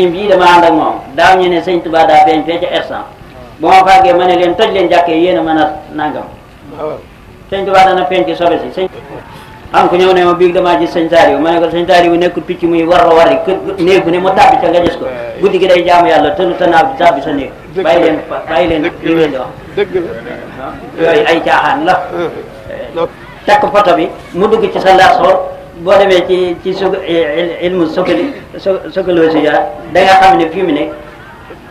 im bii dama ànd ak moom daaw ñu ne sëñ Tuba daa feeñ fee ca ersan bu ma fàggee ma ne leen toj leen jàkkee yéen a mën a nangam sëñ Tuba dana feeñ ci sobe si sëñ am ku ñëw ne ma biig damaa gis sëñ Saaliw ma ne ko sëñ nekkul picc muy war la wari kër néegu ne mu tàbbi ca nga gis ko guddi gi day jaamu yàlla tënu tanaaw di tàbbi sa néeg bàyyi leen bàyyi leen li ngeen di wax yooyu ay caaxaan la takk photo bi mu dugg ci sa lasoor boo demee ci ci su eh, ilmu sokali sokalosia da nga xam ne fi mu ne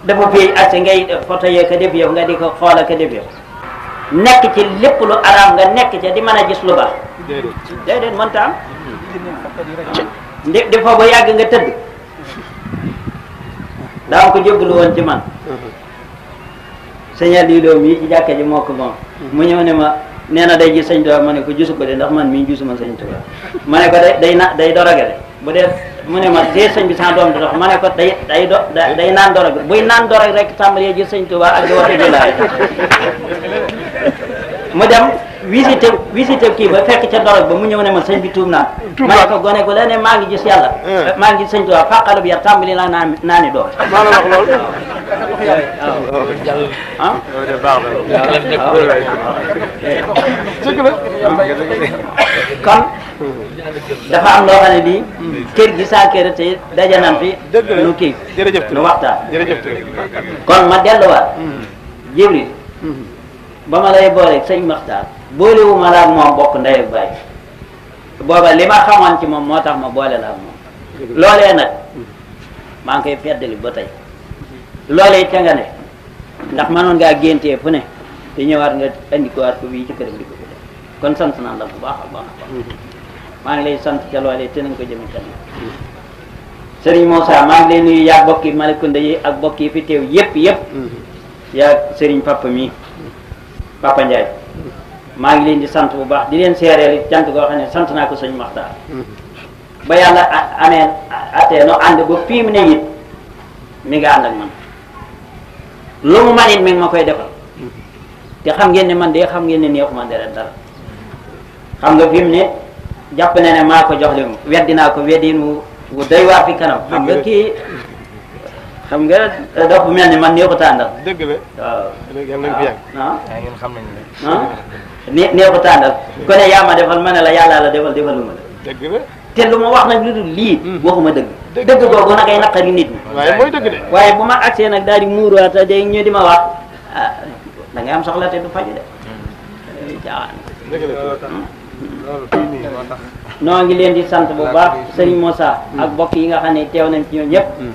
dafa fii accès ngay photo yee ka def yow nga di ko xoola ka def yow nekk ci lépp lu araam nga nekk ca di mën a gis lu baax déedéet mënta am di foofu yàgg nga tëdd daa ko jébbalu woon ci man señal yi loo mii ci jàkka ji moo ko mu ñëw ne ma nee na day gis sañ Tuubaa ma ne ko gisu ko de ndax man mii gisuma sëñ Tuubaa ma ne ko day day na day dorogé de bu dee mu ne ma see sëñ bi sans doom di dox ma ne ko day day do day naan dorog buy naan dorog rek tàmbalee gis sañ Tuubaa ak di woote ji mu dem visité visité kii ba fekk ca dorog ba mu ñëw ne ma sëñ bi tuub naa ma ne gone gu la maa ngi gis yàlla eh. maa ngi gis sëñ Tuubaa fàqalub yar tàmbali naa naa naa ni doom ah? kon dafa am loo xam ne nii kër gi saa kër te daje nañ fi lu kii lu waxtaan kon ma delluwaat hmm. Jibril hmm. ba ma lay booleeg sëñ Maxtaar boolewu ma la bokk ndey ak baay booba li ma xamoon ci moom moo tax ma boole la ak moom loolee nag maa ngi koy feddali ba tey loolee ca nga ne ndax noon ngaa géntee fu ne te ñëwaat nga indi ko waat ko bii ci këram di ko def kon sant naa la bu baax a baax a mm-hmm. maa ngi lay sant ca loolee te nañ ko jëme kanam sëriñ Moussa maa ngi lay nuyu yaa bokki Malicounda yi ak bokk yi fi teew yëpp yépp mm-hmm. yaa sëriñ papa Papa Ndiaye maa ngi leen di sant bu baax di leen seereel it cant goo ne sant naa ko sëñ Maxtaar ba yàlla amee attee noo ànd ba fii mu ne it mi nga ànd ak man lu mu man it mi ngi ma koy defal te xam ngeen ne man de xam ngeen ne neexuma dara dara xam nga fi mu ne jàpp na ne maa ko jox li mu weddi naa ko weddi mu doy waar fi kanam xam nga kii xam nga dafa mel ni man néew ko tàndal dëgg waaw yàlla nañ fi yàgg ah ngeen xam nañ ne ah néew ko ne yaa defal ma la yàlla la defal defaluma la dëgg la te lu wax nag lu dul waxuma dëgg dëgg googu nag ay naqari nit ñi waaye mooy dëgg de di muuruwaata day ñu di ma wax da ngay am soxla te du faju de ngi di sant bu baax sëriñ Moussa ak bokk yi nga xam ne nañ ci ñoom